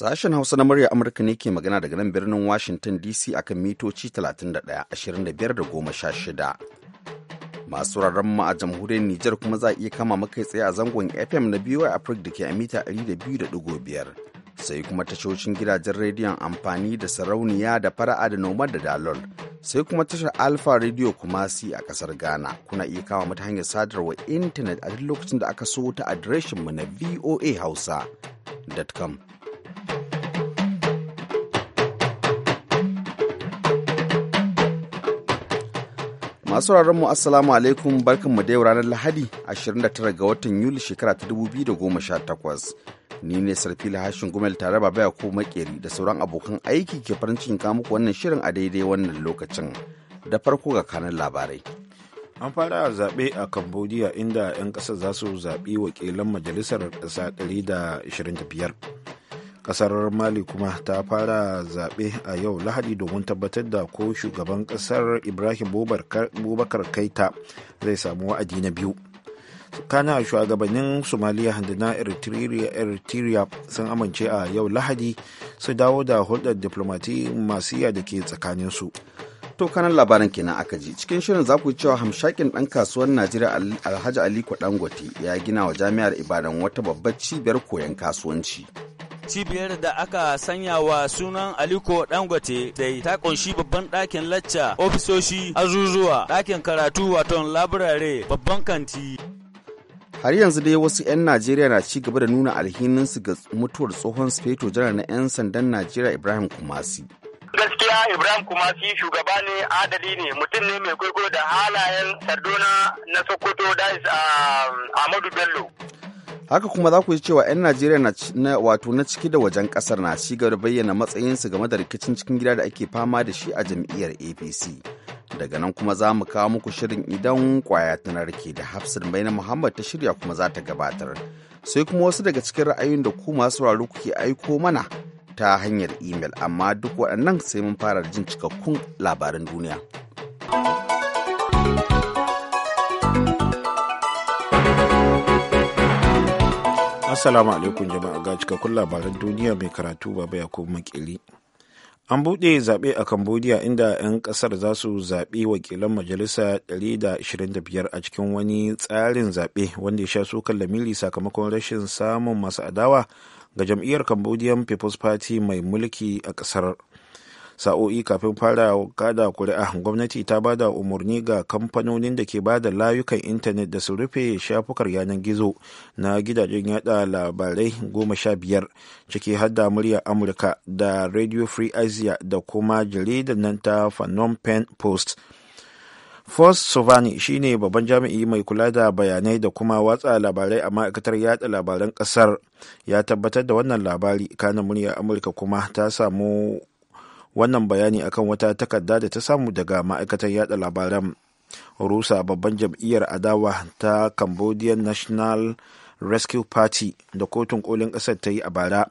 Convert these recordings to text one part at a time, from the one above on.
Sashen Hausa na murya Amurka ne ke magana daga nan birnin Washington DC akan mitoci 31, 25 da 16. Masu rarren mu a jamhuriyar Nijar kuma za a iya kama maka tsaye a zangon FM na BY Africa da ke a mita 200.5. Sai kuma tashoshin gidajen rediyon amfani da sarauniya da fara'a da noma da dalol. Sai kuma tashar Alpha Radio Kumasi a kasar Ghana. Kuna iya kama mata hanyar sadarwa intanet a duk lokacin da aka so ta adireshinmu na voahausa.com. masu mu assalamu alaikum mu da yau ranar lahadi 29 ga watan yuli shekara ta 2018 ni ne sarfi hashin gumel tare ba baya ko makeri da sauran abokan aiki ke farin cikin muku wannan shirin a daidai wannan lokacin da farko ga kanan labarai an fara zaɓe a cambodia inda 'yan ƙasa za su zaɓi wakilan majalisar ƙasa 125 kasar mali kuma ta fara zaɓe a yau lahadi domin tabbatar da ko shugaban kasar ibrahim bubakar kaita zai samu wa'adi na biyu kana shugabannin somaliya da na eritrea sun amince a yau lahadi su dawo da hulɗar diplomatiya da ke tsakaninsu to kanan labaran kenan aka ji cikin shirin za ku cewa hamshakin ɗan kasuwar najeriya alhaji aliko dangote ya gina wa jami'ar ibadan wata babbar cibiyar koyon kasuwanci cibiyar da aka sanya wa sunan aliko dangote dai ta kunshi babban ɗakin lacca ofisoshi azuzuwa ɗakin karatu waton labirare babban kanti har yanzu dai wasu 'yan najeriya na ci gaba da nuna alhininsu ga mutuwar tsohon feto janar na 'yan sandan najeriya ibrahim kumasi gaskiya ibrahim kumasi shugaba ne adali ne mutum ne mai kwaikwayo da halayen sardona na sokoto da um, amadu bello haka kuma za ku ji cewa 'yan najeriya na wato na ciki da wajen kasar na ci gaba bayyana matsayinsu game da rikicin cikin gida da ake fama da shi a jam'iyyar apc daga nan kuma za mu kawo muku shirin idan kwaya ta narke da hafsin na muhammad ta shirya kuma za ta gabatar sai kuma wasu daga cikin ra'ayoyin da ku masu sauraro kuke aiko mana ta hanyar imel amma duk waɗannan sai mun fara jin cikakkun labaran duniya. Assalamu alaikum jama'a ga cikakkun labaran duniya mai karatu baba ya ko makili. An buɗe zaɓe a Cambodia inda 'yan ƙasar za su zaɓi wakilan majalisa 125 a cikin wani tsarin zaɓe wanda ya sha sukan lamiri sakamakon rashin samun masu adawa ga jam'iyyar Cambodian People's Party mai mulki a ƙasar. sa'o'i kafin fara kada kuri'a gwamnati ta bada umarni ga kamfanonin da ke ba da layukan intanet da su rufe shafukar yanar gizo na gidajen yada labarai goma sha biyar ciki har da muryar amurka da radio free asia da kuma jaridar nan ta phnom pen post First Sovani shine babban jami'i mai kula da bayanai da kuma watsa labarai a ma'aikatar yada labaran kasar ya tabbatar da wannan labari kanan murya Amurka kuma ta samu wannan bayani akan wata takarda da ta samu daga ma'aikatan yada labaran rusa babban jam'iyyar adawa ta cambodian national rescue party da kotun kolin kasar ta yi a bara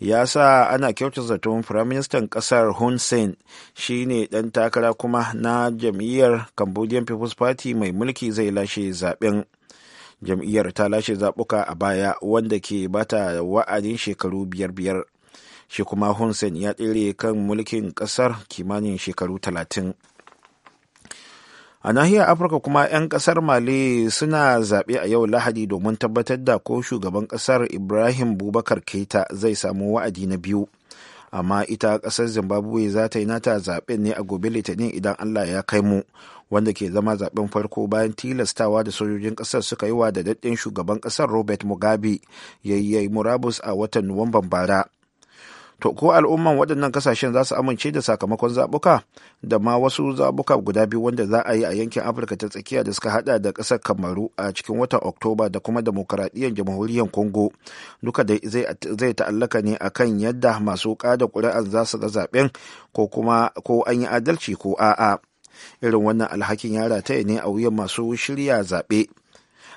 ya sa ana kyautar zaton firaministan kasar hun sen shi ne dan takara kuma na jam'iyyar cambodian people's party mai mulki zai lashe zaben jam'iyyar ta lashe zabuka a baya wanda ke bata wa'adin shekaru biyar biyar shi kuma hun ya tsere kan mulkin kasar kimanin shekaru talatin a nahiyar afirka kuma 'yan kasar mali suna zaɓe a yau lahadi domin tabbatar da ko shugaban kasar ibrahim bubakar keita zai samu wa'adi na biyu amma ita kasar zimbabwe za ta yi nata zaɓen ne a gobe litinin idan allah ya kai mu wanda ke zama zaɓen farko bayan tilastawa da sojojin kasar suka yi wa da daɗin shugaban kasar robert mugabe yayi murabus a watan nuwamban bara to ko al'umman waɗannan kasashen za su amince da sakamakon zaɓuka da ma wasu zaɓuka guda biyu wanda za a yi a yankin afirka ta tsakiya da suka haɗa da ƙasar kamaru a cikin watan oktoba da kuma demokaradiyyar jamhuriyar congo duka da zai ta'allaka ne akan yadda masu ƙada ƙuri'ar za su ga zaɓen ko kuma ko an yi adalci ko a'a irin wannan alhakin ya rataya ne a wuyan masu shirya zaɓe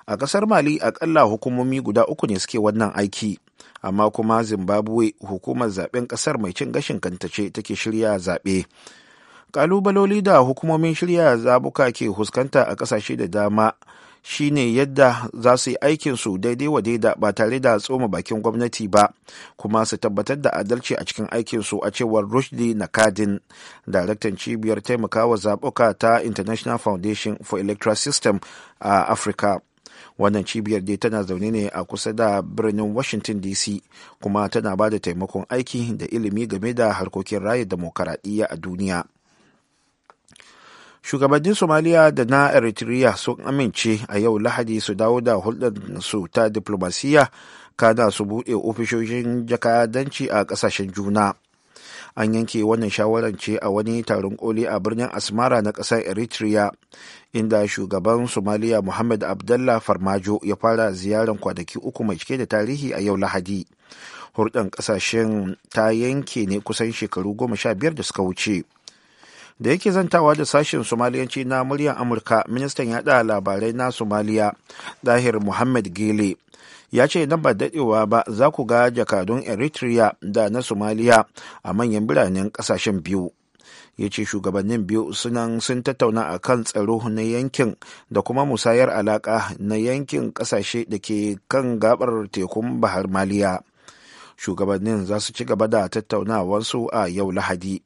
a ƙasar mali akalla hukumomi guda uku ne suke wannan aiki amma kuma zimbabwe hukumar zaben kasar mai cin gashin kanta ce take shirya zaɓe kalubaloli da hukumomin shirya zabuka ke huskanta a ƙasashe da dama shine yadda za su yi aikin su daidai wa daida ba tare da tsoma bakin gwamnati ba kuma su tabbatar da adalci a cikin aikin su a cewar rushdi nakadin daraktan cibiyar taimakawa zabuka ta international foundation for electoral system a uh, africa wannan cibiyar dai tana zaune ne a kusa da birnin washington dc kuma tana ba da taimakon aiki da ilimi game da harkokin raya demokaradiyya a duniya shugabannin somaliya da na eritrea sun amince a yau lahadi su dawo da hulɗar su ta diplomasiyya kada su buɗe ofishoshin jakadanci a ƙasashen juna an yanke wannan shawarar ce a wani taron koli a birnin asmara na ƙasar eritrea inda shugaban somaliya muhammad abdullah farmajo ya fara ziyarar kwanaki uku mai cike da tarihi a yau lahadi hurdan kasashen ta yanke ne kusan shekaru goma sha biyar da suka wuce da yake zantawa da sashen somaliyanci na muryar amurka ministan yaɗa labarai na somaliya dahir muhammad gele ya ce nan ba daɗewa ba za ku ga jakadun eritrea da na somaliya a manyan biranen ƙasashen biyu ya ce shugabannin biyu sunan sun tattauna a kan tsaro na yankin da kuma musayar alaka na yankin ƙasashe da ke kan gabar tekun bahar maliya shugabannin za su ci gaba da tattaunawarsu a yau lahadi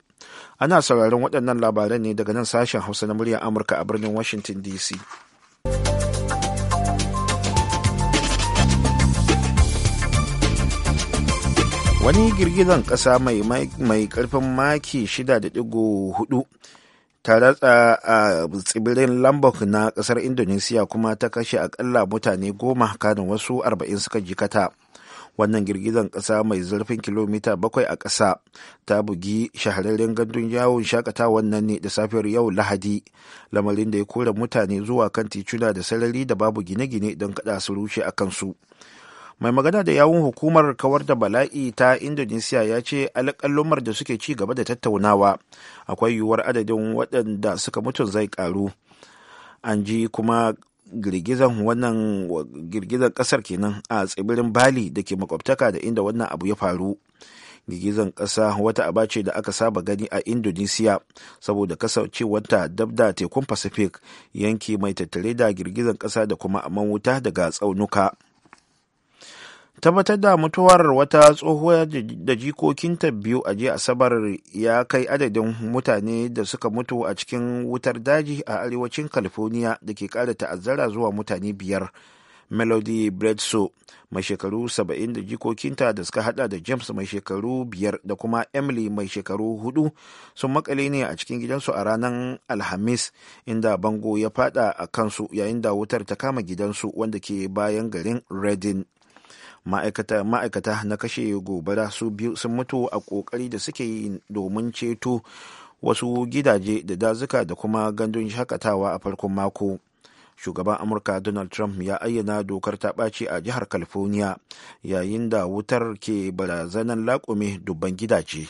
ana sauraron waɗannan labaran ne daga nan sashen hausa na muryar amurka a birnin washington dc wani girgizan kasa mai karfin maki 6.4 ta ratsa a tsibirin lombok na kasar indonesiya kuma ta kashe akalla mutane goma kanin wasu 40 suka jikata wannan girgizan kasa mai zurfin kilomita bakwai a kasa ta bugi shahararren gandun yawon shakatawa nan ne da safiyar yau lahadi lamarin da ya kora mutane zuwa kan tituna da sarari da babu gine-gine don kada su rushe a kansu. mai magana da yawun hukumar kawar da bala'i ta indonesiya ya ce alƙalumar da suke ci gaba da tattaunawa akwai yiwuwar adadin waɗanda suka mutu zai karu an ji kuma girgizan wannan girgizan ƙasar kenan a tsibirin bali da ke makwabtaka da inda wannan abu ya faru girgizan ƙasa wata aba ce da aka saba gani a indonesiya saboda kasancewarta dab da tekun pacific yanki mai tattare da girgizan ƙasa da kuma aman wuta daga tsaunuka tabbatar da mutuwar wata tsohuwa da jikokinta biyu a jiya asabar ya kai adadin mutane da suka mutu a cikin wutar daji a arewacin california da ke kara ta'azzara zuwa mutane biyar melody bredso mai shekaru 70 da jikokinta da suka hada da james mai shekaru biyar da kuma emily mai shekaru hudu sun makale ne a cikin gidansu a ranar alhamis inda bango ya fada a kansu yayin da wutar ta kama gidansu wanda ke bayan garin redding ma'aikata na kashe gobara su biyu sun mutu a kokari da suke yi domin ceto wasu gidaje da dazuka da kuma gandun shakatawa a farkon mako shugaban amurka donald trump ya ayyana dokar ta ɓaci a jihar california yayin da wutar ke barazanar laƙume dubban gidaje.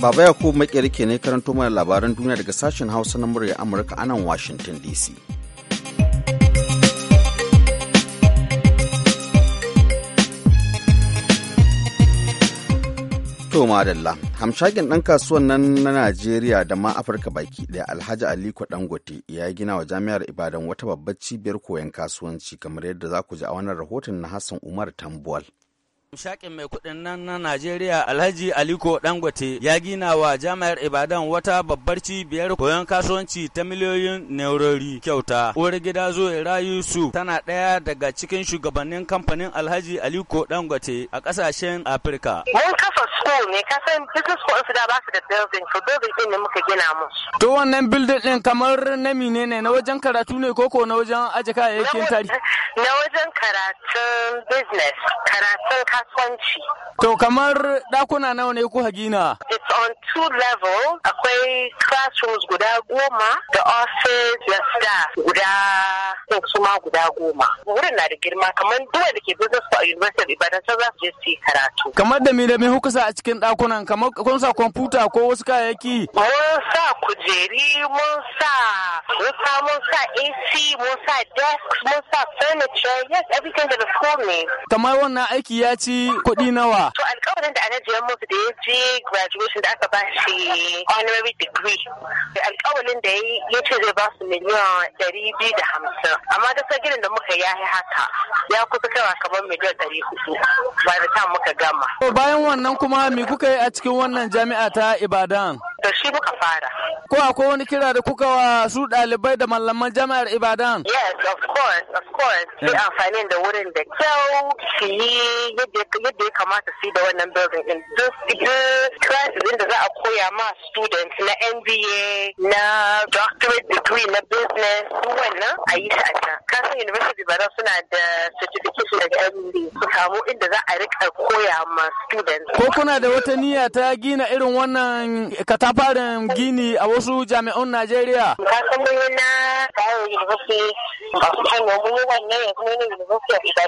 Baba ya kuma ke ne karanto mana labaran duniya daga sashen Hausa na murya Amurka a nan Washington DC. To madalla, hamshakin ɗan kasuwan nan na Najeriya da ma Afirka baki ɗaya Alhaji Aliko Dangote ya yi gina wa Jami'ar Ibadan wata babbar cibiyar koyon kasuwanci kamar yadda za ku ji a wannan rahoton na Hassan Umar Tambuwal. Shaƙin mai kuɗin nan na Najeriya Alhaji Aliko Dangote ya gina wa jami'ar Ibadan wata babbar cibiyar koyon kasuwanci ta miliyoyin naurori kyauta. Uwar gida Zoe su tana ɗaya daga cikin shugabannin kamfanin Alhaji Aliko Dangote a ƙasashen Afirka. Mun kafa school ne kasan business school su da ba su da building to building din ne muka gina musu. To wannan building din kamar na mine ne na wajen karatu ne koko na wajen aje kayayyakin tari. Na wajen karatu. karatun business, karatun kasuwanci. To kamar ɗakuna nawa ne kuka gina? It's on two level. Akwai classrooms guda goma da office da staff guda suma guda goma. Wurin na da girma kamar duwa da ke business a University of Ibadan sun za su je su karatu. Kamar da me da sa a cikin ɗakunan kamar kun sa kwamfuta ko wasu kayayyaki? Mun sa kujeri, mun sa wuta, mun sa AC, mun sa desk, mun sa furniture, yes everything that is ko me. Kamar wannan aiki ya ci kuɗi nawa. To alƙawarin da Alhaji ya musu da ya je graduation da aka ba shi honorary degree. alƙawarin da ya ce zai ba su miliyan ɗari biyu da hamsin. Amma da ginin da muka yi haka ya kusa kaiwa kamar miliyan ɗari hudu ba da ta muka gama. Bayan wannan kuma me kuka yi a cikin wannan jami'a ta Ibadan? Da shi muka fara. Ko akwai wani kira da kuka wa su ɗalibai da malaman jami'ar Ibadan? Yes, of course, of course. Sai amfani da wurin da da kyau su yi yadda ya kamata su yi da wannan building din duk classes din da za a koya ma students na MBA na doctorate degree na business su wannan a yi shi a can kasan university bara suna da certification daga MBA su samu inda za a rika koya ma students ko kuna da wata niyya ta gina irin wannan katafaren gini a wasu jami'an Najeriya kasan mun na Kayo University ba su mun yi wannan yanzu ne University of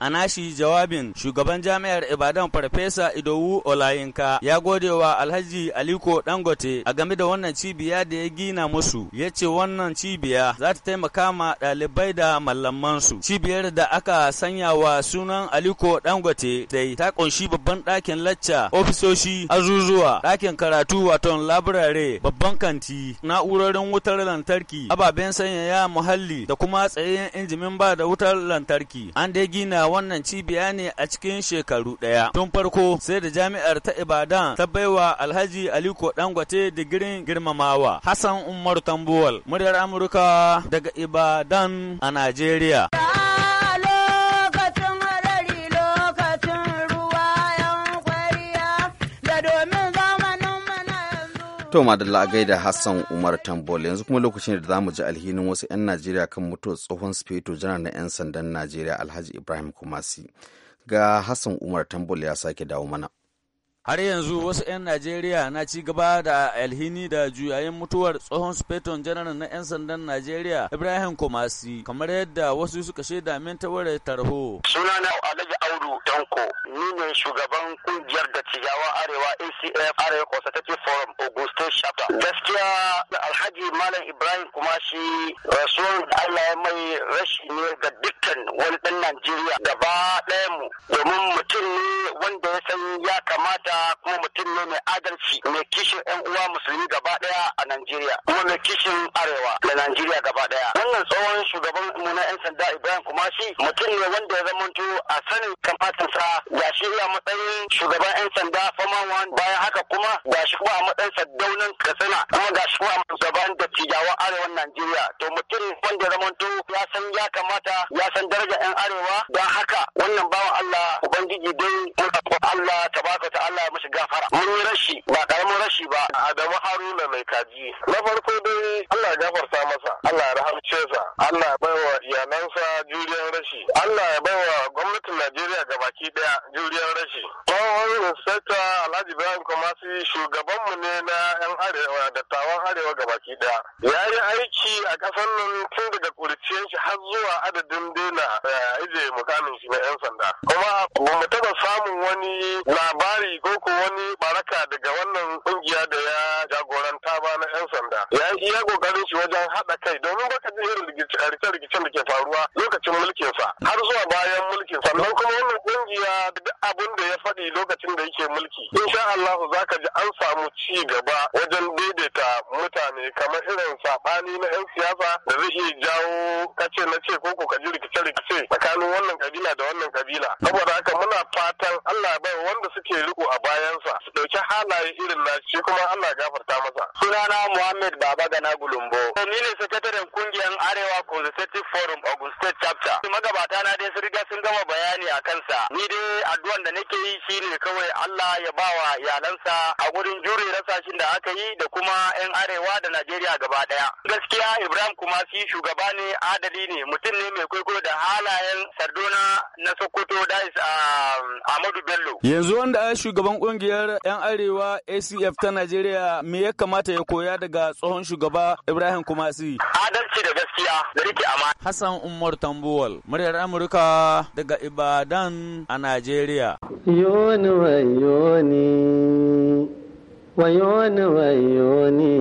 Ana shi jawabin shugaban jami'ar Ibadan Farfesa Idowu Olayinka ya gode wa Alhaji Aliko Dangote a game da wannan cibiya da ya gina musu. Ya ce wannan cibiya za ta taimaka ma ɗalibai da mallamansu. Cibiyar da aka sanya wa sunan Aliko Dangote dai ta ƙunshi babban ɗakin lacca, ofisoshi, azuzuwa, ɗakin karatu waton laburare, babban kanti, na'urorin wutar lantarki, aba ababen sanyaya muhalli da kuma tsayayyen injimin ba da wutar lantarki. An dai gina wannan cibiya ne a cikin shekaru ɗaya. Tun farko sai da jami'ar ta Ibadan ta baiwa Alhaji Aliko Dangote digirin girmamawa. Hassan Umar Tambuwal, muryar Amurka daga Ibadan a Najeriya. To madalla a gaida Hassan Umar Tambol yanzu kuma lokacin da za mu ji alhinin wasu 'yan Najeriya kan mutuwar tsohon sufeto janar na 'yan sandan Najeriya Alhaji Ibrahim Kumasi. Ga Hassan Umar Tambol ya sake dawo mana. har yanzu wasu 'yan najeriya na ci gaba da alhini da juyayin mutuwar tsohon speton general na 'yan sandan najeriya ibrahim komasi kamar yadda wasu suka shaida min ta ware tarho sunana alhaji audu Tanko. ni ne shugaban kungiyar da cigawa arewa acf arewa consultative forum augusto state chapter gaskiya alhaji malam ibrahim kumashi rasuwan allah ya mai rashi ne ga dukkan wani dan najeriya gaba ɗayan mu domin mutum ne wanda ya san ya kamata kuma mutum ne mai adalci mai kishin yan uwa musulmi gaba daya a Najeriya kuma mai kishin arewa da Najeriya gaba daya wannan tsohon shugaban mu na yan sanda Ibrahim Kumashi mutum ne wanda ya zamanto a sanin kamfatin sa ga shi ya matsayin shugaban yan sanda Fama One bayan haka kuma ga shi kuma a matsayin daunan Katsina kuma ga shi kuma a shugaban dattijawan arewan Najeriya to mutum wanda ya zamanto ya san ya kamata ya san darajar yan arewa don haka wannan bawan Allah ubangiji dai Allah tabaraka Allah mishi gafara mun yi rashi ba karamin rashi ba Adamu Haruna mai kaji na farko dai Allah ya gafarta masa Allah ya rahamce sa Allah ya baiwa iyalansa juriyar rashi Allah ya baiwa gwamnatin Najeriya gabaki daya juriyar rashi tsohon inspector Alhaji Ibrahim shugaban mu ne na yan arewa da dattawan arewa gabaki daya ya yi aiki a kasar nan tun daga kuriciyar shi har zuwa adadin ya eh, ije mukamin shi na yan sanda kuma mu taɓa samun wani labari ko ko wani baraka daga wannan kungiya da ya iya kokarin shi wajen haɗa kai domin baka ji irin rikice rikice da ke faruwa lokacin mulkin sa har zuwa bayan mulkin sannan kuma wannan kungiya duk abin da ya faɗi lokacin da yake mulki insha Allah ka ji an samu ci gaba wajen daidaita mutane kamar irin sabani na 'yan siyasa da zai iya jawo kace na ce ko ka ji rikice-rikice tsakanin wannan kabila da wannan kabila saboda haka muna fatan Allah bai wanda suke riko a bayansa su ɗauki halaye irin nashi kuma Allah gafarta Sunana Muhammad Baba Gana Gulumbo. Ni ne sakataren kungiyar Arewa Conservative Forum Ogun State Chapter. Magabata na dai sun gama bayani a kansa ni dai addu'an da nake yi shine kawai Allah ya bawa iyalansa a gurin jure rasashin da aka yi da kuma 'yan arewa da Najeriya gaba daya. Gaskiya Ibrahim kuma shi shugaba ne adali ne mutum ne mai kwaikwayo da halayen Sardona na Sokoto da um, Ahmadu Bello. Yanzu wanda shugaban kungiyar 'yan arewa ACF ta Najeriya me ya kamata ya koya daga tsohon shugaba Ibrahim Kumasi? Adalci da gaskiya da rike amana. Hassan Umar Tambuwal, muryar Amurka daga Ibadan a Najeriya. Yoni wayoni, wayoni wayoni.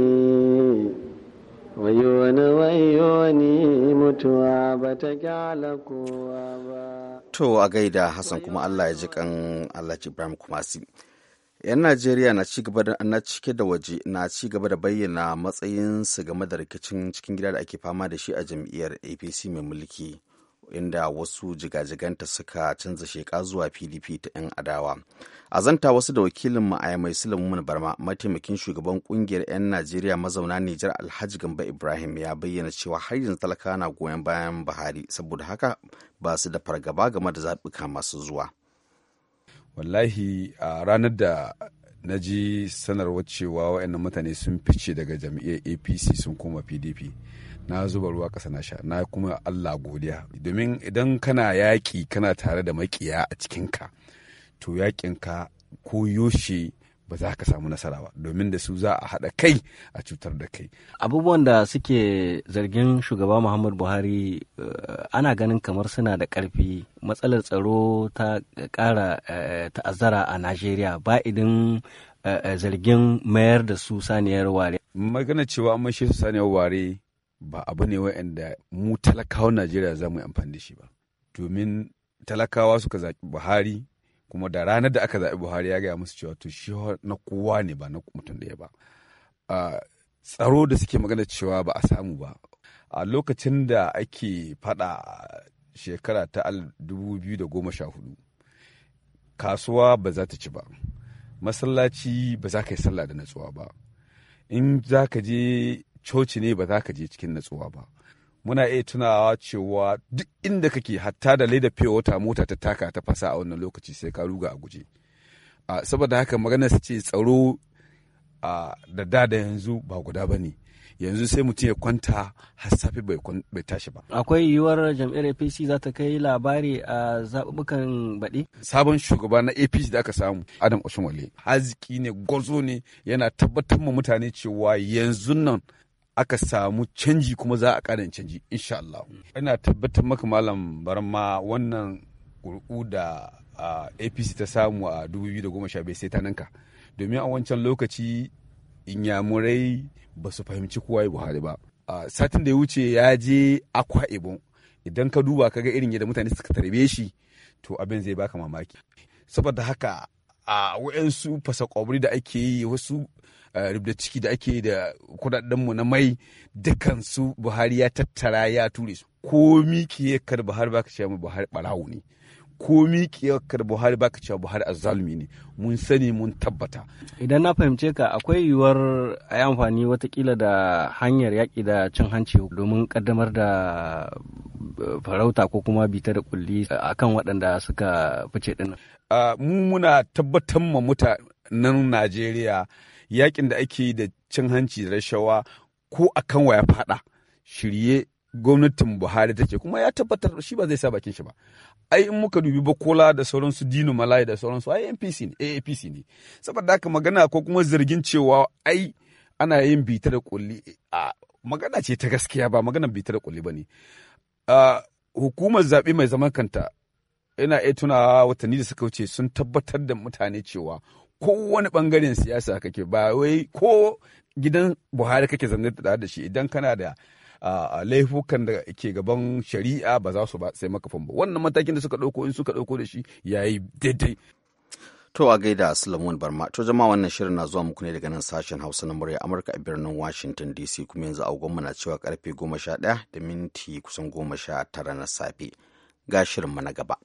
wayoni wayoni mutuwa ba ta kyala kowa ba. To a gaida Hassan kuma Allah ya ji kan Allah Ibrahim Kumasi. 'Yan Najeriya na na cike da waje na ci gaba da bayyana matsayinsu game da rikicin cikin gida da ake fama da shi a jam'iyyar APC mai mulki. inda wasu jigajiganta suka canza sheka zuwa pdp ta 'yan adawa a zanta wasu da wakilin ma'aya mai sulamun barma mataimakin shugaban kungiyar 'yan najeriya mazauna nijar alhaji gamba ibrahim ya bayyana cewa har yanzu talaka na goyon bayan buhari saboda haka ba su da fargaba game da zaɓuka masu zuwa wallahi a ranar da na ji sanarwar cewa wa'annan mutane sun fice daga jam'iyyar apc sun koma pdp na zuba ruwa ƙasa na sha na kuma Allah godiya domin idan kana yaƙi kana tare da maƙiya a cikinka to yaƙinka ko yoshe ba za ka samu nasara ba domin da su za a haɗa kai a cutar da kai. Abubuwan da suke zargin shugaba Muhammad Buhari eh, ana ganin kamar suna da ƙarfi matsalar tsaro ta ƙara eh, ta'azzara a Najeriya ba idin eh, zargin mayar da su saniyar ware. Magana cewa an su saniyar ware ba abu ne wa'anda mu talakawan najeriya za mu yi amfani da shi ba domin talakawa suka zaɓi buhari kuma da ranar da aka zaɓi buhari ya gaya musu cewa to shi na kowa ne ba na mutum ɗaya ba tsaro da suke magana cewa ba a samu ba a lokacin da ake faɗa shekara ta 2014 kasuwa ba za ta ci ba masallaci ba za ka yi sallah da natsuwa ba in za ka je coci ne ba za ka je cikin natsuwa ba muna iya tunawa cewa duk inda kake hatta da leda wata mota ta taka ta fasa a wannan lokaci sai ka ruga a guje saboda haka maganar su ce tsaro da da da yanzu ba guda ba ne yanzu sai mutum ya kwanta har safe bai tashi ba akwai yiwuwar jam'iyyar apc za ta kai labari a zaɓuɓɓukan baɗi sabon shugaba na apc da aka samu adam oshun wale. haziki ne gwazo ne yana tabbatar ma mutane cewa yanzu nan aka samu canji kuma za a ƙarin canji insha Allah. Ina tabbatar maka malam barma wannan ƙuri'u da APC ta samu a 2015 sai ta nanka Domin a wancan lokaci inyamurai ba su fahimci kowa ya Buhari ba. Satin da ya wuce ya je akwa ibon. Idan ka duba ka ga irin yadda mutane suka tarbe shi to abin zai baka mamaki. Saboda haka a waɗansu fasakwabri da ake yi wasu rubda ciki da ake yi da kudadenmu na mai dukansu buhari ya tattara ya ture su ko kar buhari baka ce mu buhari barawo ne ko kar buhari baka cewa buhari azzalumi ne mun sani mun tabbata idan na fahimce ka akwai yiwuwar a yi amfani watakila da hanyar yaƙi da cin hanci domin ƙaddamar da farauta ko kuma bita da kulli akan waɗanda suka fice ɗin. mu muna tabbatar ma mutanen Najeriya yakin da ake yi da cin hanci da rashawa ko a kan waya faɗa shirye gwamnatin Buhari take kuma ya tabbatar shi ba zai sa bakin shi ba ai in muka dubi Bakola da sauransu Dino Malai da sauransu ai NPC ne AAPC ne saboda haka magana ko kuma zargin cewa ai ana yin bita da kulli a magana ce ta gaskiya ba magana bita da kulli ne. hukumar zaɓe mai zaman kanta yana iya tunawa watanni da suka wuce sun tabbatar da mutane cewa kowane ɓangaren siyasa kake ba wai ko gidan buhari kake zanne da da shi idan kana da laifukan da ke gaban shari'a ba za su ba sai maka ba wannan matakin da suka ɗauko in suka ɗauko da shi yayi daidai To a gaida Sulaiman Barma, to jama'a wannan shirin na zuwa muku ne daga nan sashen Hausa na murya Amurka a birnin Washington DC kuma yanzu agogonmu na cewa karfe 11 da minti kusan 19 na safe. Ga mu na gaba.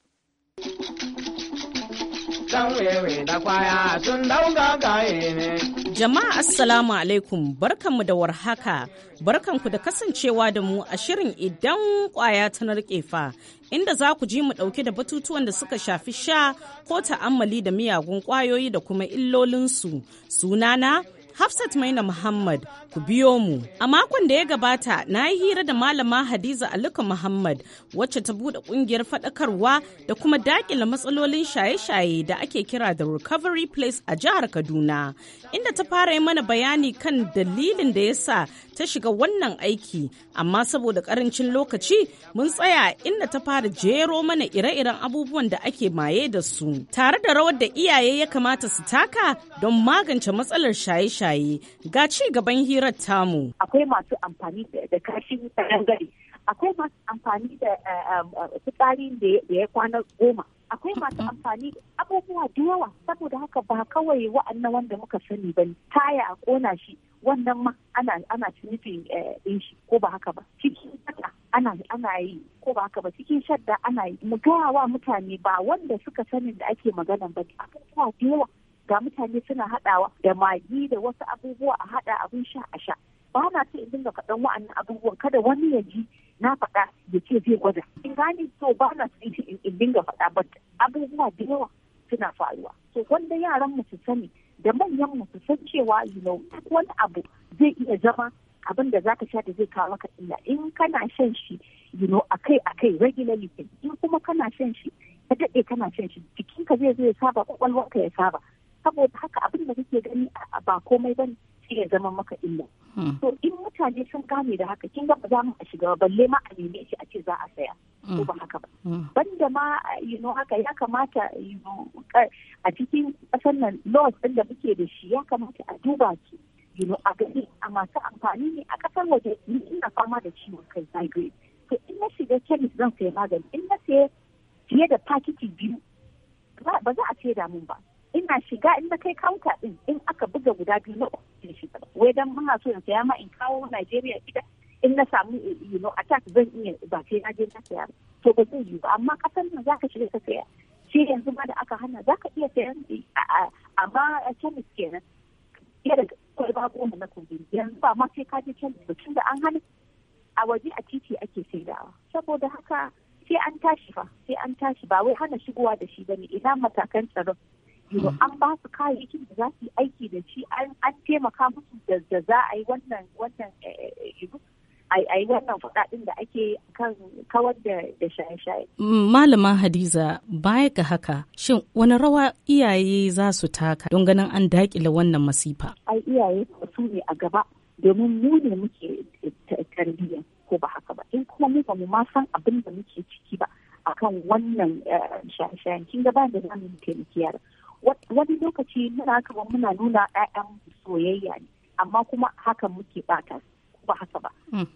Don wewe da kwaya sun dauka gaye ne. Jama'a Assalamu alaikum barkanmu da warhaka barkanku da kasancewa da mu a shirin idan kwaya ta narkefa inda za ku ji mu ɗauke da batutuwan da suka shafi sha ko ta'ammali da miyagun kwayoyi da kuma illolinsu sunana Hafsat Maina Muhammad ku biyo mu. A makon da ya gabata na yi hira da malama Hadiza Aluka Muhammad wacce ta bude kungiyar faɗakarwa da kuma dakila matsalolin shaye-shaye da ake kira da Recovery Place a jihar Kaduna inda ta fara yi mana bayani kan dalilin da ya sa ta shiga wannan aiki amma saboda karancin lokaci mun tsaya inda ta fara jero mana ire-iren abubuwan da ake maye da su tare da rawar da iyaye ya kamata su taka don magance matsalar shaye-shaye ga ci gaban hirar tamu akwai masu amfani da kashin gari akwai masu amfani da eh, eh, um, eh, fitsari da ya kwana goma akwai masu amfani abubuwa da yawa saboda haka ba kawai wa'annan wanda muka sani ba taya a kona shi wannan ma ana ana cinifin ɗin shi ko ba haka ba cikin shadda ana yi ko ba haka ba cikin shadda ana yi mu gaya wa mutane ba wanda suka sanin da ake magana ba abubuwa da yawa ga mutane suna haɗawa da magi da wasu abubuwa a haɗa abin sha a sha ba na so in dinga faɗan wa'annan abubuwan kada wani ya ji na faɗa ya ce zai gwada in gane so ba na su in dinga faɗa ba abubuwa da yawa suna faruwa so wanda yaran mu su sani da manyan mu su san cewa you know duk wani abu zai iya zama abin da zaka sha da zai kawo maka illa in kana shan shi you know akai akai regularly in kuma kana shan shi ka daɗe kana shan shi jikinka zai zo ya saba ka ya saba saboda haka abin da kake gani ba komai bane sai ya zama maka illa to mm. in mutane sun gane da haka kin ga ba za mu a shiga balle ma a neme shi a ce za a saya ko mm. ba haka ba mm. banda ma you know haka ya kamata you know a cikin kasar nan laws din da muke da shi ya kamata a duba su you know a gani a masu amfani ne a kasar waje ni ina fama da ciwon kai migraine to in na shiga chemist zan sayi magani in na sayi fiye da pakiti biyu ba za a ce da mun ba ina shiga in na kai counter din in aka buga guda biyu na uku wai dan muna so in saya ma in kawo Najeriya gida in na samu you know attack zan iya ba sai na je na saya to ba zai yi ba amma kasan nan zaka shiga ka saya shi yanzu ma da aka hana zaka iya sayan amma a kemis nan ya da kwalba goma na kumbin yanzu ba ma sai ka je kemis ba da an hana a waje a titi ake saidawa saboda haka sai an tashi fa sai an tashi ba wai hana shigowa da shi bane ina matakan tsaron Mm. an ba su kayayyakin da za su yi aiki da shi an taimaka musu da za a yi wannan wannan eh, eh, a da ake kan kawar da shaye-shaye. Mm, Malama Hadiza baya ga haka shin wani rawa iyaye za su taka don ganin an daƙile wannan masifa? Ai iyaye su ne a gaba domin mu ne muke tarbiyya ko ba haka ba in kuma mu ba mu ma san abin da muke ciki ba akan wannan eh, shaye-shayen kin gaba da zamu taimaki yara. wani lokaci muna kamar muna nuna ɗaɗan soyayya ne amma kuma hakan muke bata ba haka ba hmm.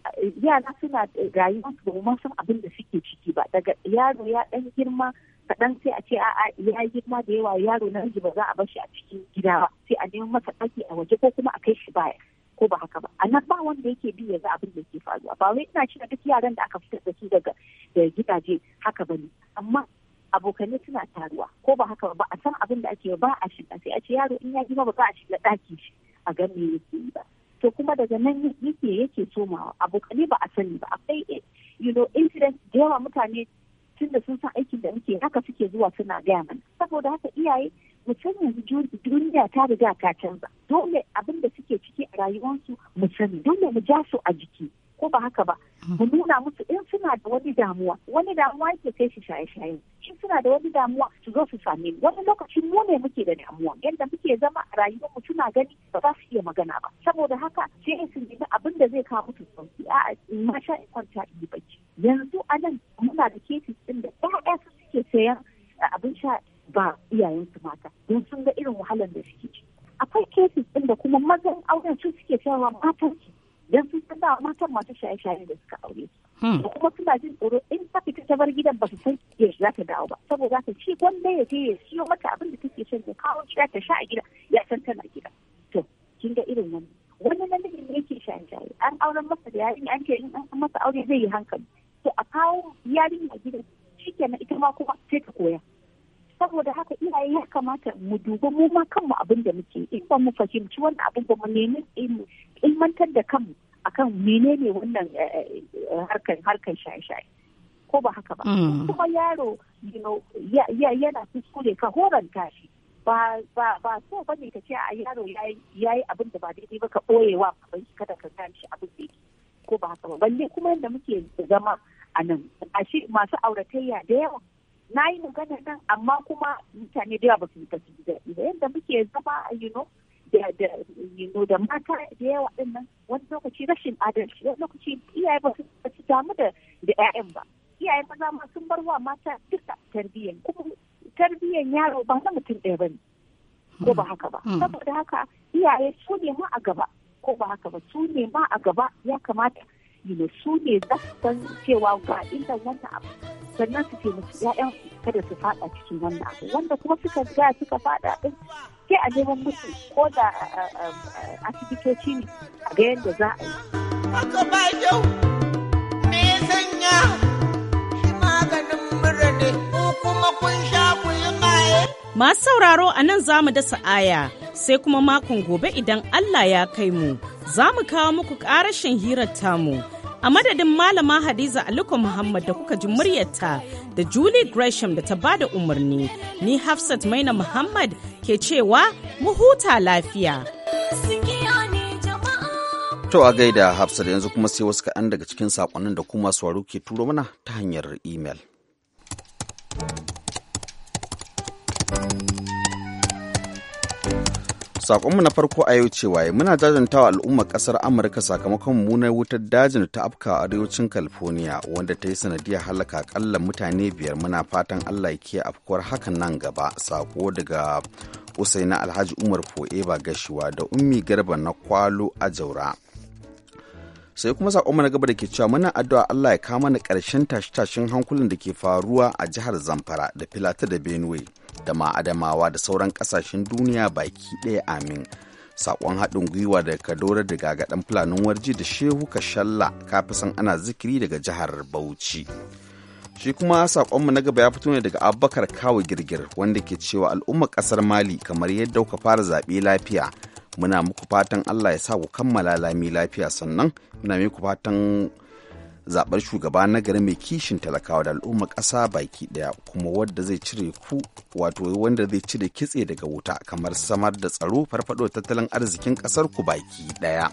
yara suna rayuwa ba san abin da suke ciki ba daga yaro ya ɗan girma kaɗan sai a ce a'a ya girma da yawa yaro na ba za a bar shi a cikin gida ba sai a nemi masa ɗaki a waje ko kuma a kai shi baya ko ba haka ba a nan ba wanda yake bi ya za abin da yake faruwa ba wai ina cewa duk yaran da aka fitar da su daga gidaje haka ba ne amma abokanai suna taruwa ko ba haka ba a san abin da ake ba a shiga sai a ce yaro in ya gima ba a shiga daki shi a ga me yake yi ba to kuma daga nan yake yake somawa abokanai ba a sani ba akwai eh, you know incident da yawa mutane tun da sun san aikin da muke haka suke zuwa suna gaya mana saboda haka iyaye mu san yanzu duniya ta riga ta canza dole abin da suke ciki a rayuwarsu mu sani dole mu ja su a jiki ko ba haka ba mu mm. nuna musu in suna da wani damuwa wani damuwa yake kai shi shaye-shaye in suna da wani damuwa su zo su same ni wani lokaci mu ne muke da damuwa yadda muke zama a rayuwar mu suna gani ba za su iya magana ba saboda haka sai su nemi abin da zai kawo musu sauki a'a in ma sha in kwanta in yi bacci yanzu a nan muna da kesis ɗin da ɗaya su suke sayan abin sha ba iyayensu mata don sun ga irin wahalar da suke ci akwai kesis ɗin da kuma mazan auren su suke sayarwa matan su ba matan masu shaye-shaye da suka aure hmm. da kuma suna jin tsoro in ta fita ta bar gidan ba su san yaushe za ta dawo ba saboda ta ci wanda ya je ya siyo mata abin da take son ya kawo shi ta sha a gida ya san tana gida to kin ga irin wani wani namiji ne yake shaye-shaye an auren masa da yarin an ce in an masa aure zai yi hankali to a kawo gida gidan na ita ma kuma sai ta koya saboda haka iyaye ya kamata mu duba mu ma kanmu abin da muke in ba mu fahimci wani abin ba mu nemi ilmantar da kanmu akan menene wannan eh, eh, harkan harkan shaye-shaye ko ba haka ba mm. kuma yaro yana kuskure ka horanta shi ba ba so ba ne ka ce a yaro ya yi abin da ba daidai ba ka ɓoyewa baban shi kada ka gane shi abin da ko ba haka ba balle kuma yadda muke zama a nan a shi masu auratayya da yawa na yi magana nan amma kuma mutane da yawa ba su yi ba yadda muke zama you know da mata da yawa din nan wani lokaci rashin adalci wani lokaci iyaye ba su damu da 'ya'yan ba iyaye maza ma sun bar wa mata duka tarbiyyan kuma tarbiyyan yaro ba na mutum ɗaya ne ko ba haka ba hmm. Hmm. saboda haka iyaye su ne ma a gaba ko ba haka ba su ne ma a gaba ya kamata su ne za su san cewa ga inda wannan abu sannan su taimaki 'ya'yan kada su fada cikin wannan abu wanda kuma suka ga suka fada din sai a neman musu ko da asibitoci ne a ga yadda za a yi. Haka ba me ya sanya maganin mura ko kuma kun sha Masu sauraro a nan za mu dasa aya sai kuma makon gobe idan Allah ya kai mu za mu kawo muku ƙarashin hirar tamu. a madadin malama hadiza aliko muhammad da kuka ji muryarta da julie gresham da ta bada umarni ni hafsat maina muhammad ke cewa mu huta lafiya. To a gaida Hafsat yanzu kuma sai wasu kaɗan daga cikin saƙonnin da kuma sauraro ke turo mana ta hanyar imel. Sakonmu na farko a yau cewa muna jajantawa al'ummar kasar Amurka sakamakon mummunar wutar dajin ta afka a arewacin California wanda ta yi sanadiyar halaka akalla mutane biyar muna fatan Allah ya kiyaye afkuwar hakan nan gaba. Sako daga Usaina Alhaji Umar Fo'eba Gashuwa da Ummi Garba na Kwalo a Jaura. sai kuma sakonmu na gaba da ke cewa muna addu'a Allah ya kama mana ƙarshen tashe-tashen hankulan da ke faruwa a jihar Zamfara da Filata da Benue da ma Adamawa da sauran ƙasashen duniya baki ɗaya amin. Sakon haɗin gwiwa da Kadora da gagaɗan fulanin warji da Shehu Kashalla san ana zikiri daga jihar Bauchi. Shi kuma sakonmu na gaba ya fito ne daga Abubakar Kawo Girgir wanda ke cewa al'ummar ƙasar Mali kamar yadda kuka fara zaɓe lafiya muna muku fatan allah ya sa ku kammala lami lafiya sannan muna muku fatan zaɓar shugaba na gari mai kishin talakawa da al'umma kasa baki ɗaya kuma wanda zai cire ku wato wanda zai cire kitse daga wuta kamar samar da tsaro farfaɗo tattalin arzikin ƙasar ku baki ɗaya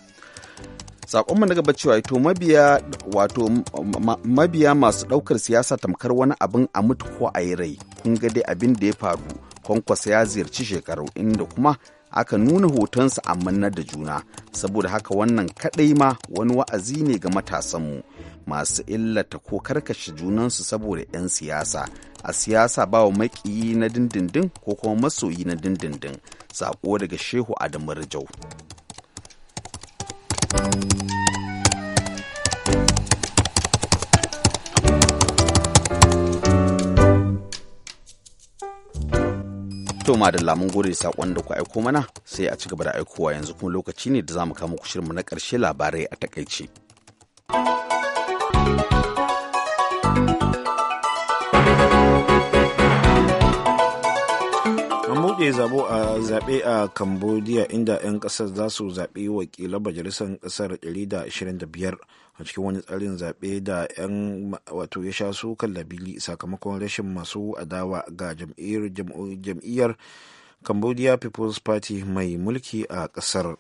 saƙonmu na gaba cewa to mabiya wato mabiya masu ɗaukar siyasa tamkar wani abin a mutu ko a yi rai kun ga dai abin da ya faru kwankwasa ya ziyarci shekaru inda kuma aka nuna hotonsa a mannar da juna saboda haka wannan kaɗai ma wani wa'azi ne ga matasanmu masu illata ko karkashe junansu saboda 'yan siyasa a siyasa ba wa makiyi na dindindin ko kuma masoyi na dindindin saƙo daga shehu adamu rijau da lamun gode saƙon da ku aiko mana sai a ci gaba da aikowa yanzu kuma lokaci ne da za mu kama ku na ƙarshe labarai a takaice. buɗe zabo a zaɓe a cambodia inda 'yan ƙasar za su zaɓi wakilan majalisar ƙasar 125 a cikin wani tsarin zaɓe da 'yan wato ya sha su kallabili sakamakon rashin masu adawa ga jam'iyyar cambodia people's party mai mulki a ƙasar.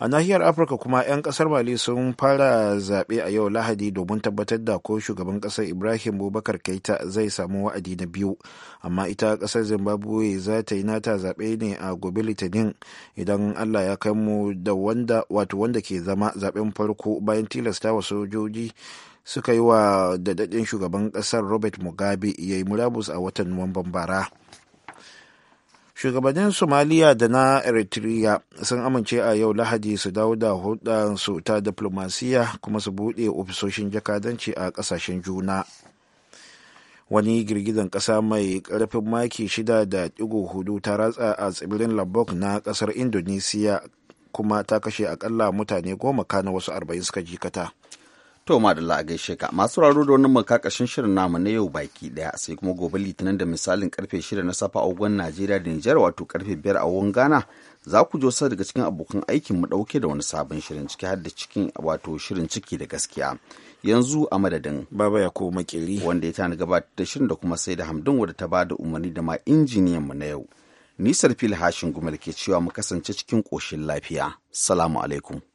a nahiyar afirka kuma 'yan kasar mali sun fara zaɓe a yau lahadi domin tabbatar da ko shugaban kasar ibrahim bubakar keita zai samu wa'adi na biyu amma ita kasar zimbabwe za ta yi nata zaɓe ne a gobe litinin idan allah ya kai mu da wanda wato wanda ke zama zaɓen farko bayan tilasta wa sojoji suka yi wa daɗin shugaban ƙasar robert mugabe ya yi murabus a watan nuwamban bara. shugabannin somaliya da na eritrea sun amince a yau lahadi su dawo da su ta diplomasiya kuma su buɗe ofisoshin jakadanci a ƙasashen juna wani girgizan ƙasa mai ƙarfin maki shida da ɗigo hudu ta ratsa a tsibirin lombok na ƙasar indonesiya kuma ta kashe akalla mutane goma kana wasu arba'in suka jikata. To da la'a gaishe ka masu raro da wani makakashin shirin namu na yau baki daya sai kuma gobe litinin da misalin karfe shida na safa a Najeriya da Nijar wato karfe biyar a wagon Ghana za ku josa daga cikin abokan aikin mu dauke da wani sabon shirin ciki har da cikin wato shirin ciki da gaskiya. Yanzu a madadin Baba ya koma wanda ya tana gabatar da shirin da kuma sai da hamdun wadda ta bada umarni da ma injiniyan mu na yau. Nisar fil hashin gumal ke cewa mu kasance cikin koshin lafiya. Salamu alaikum.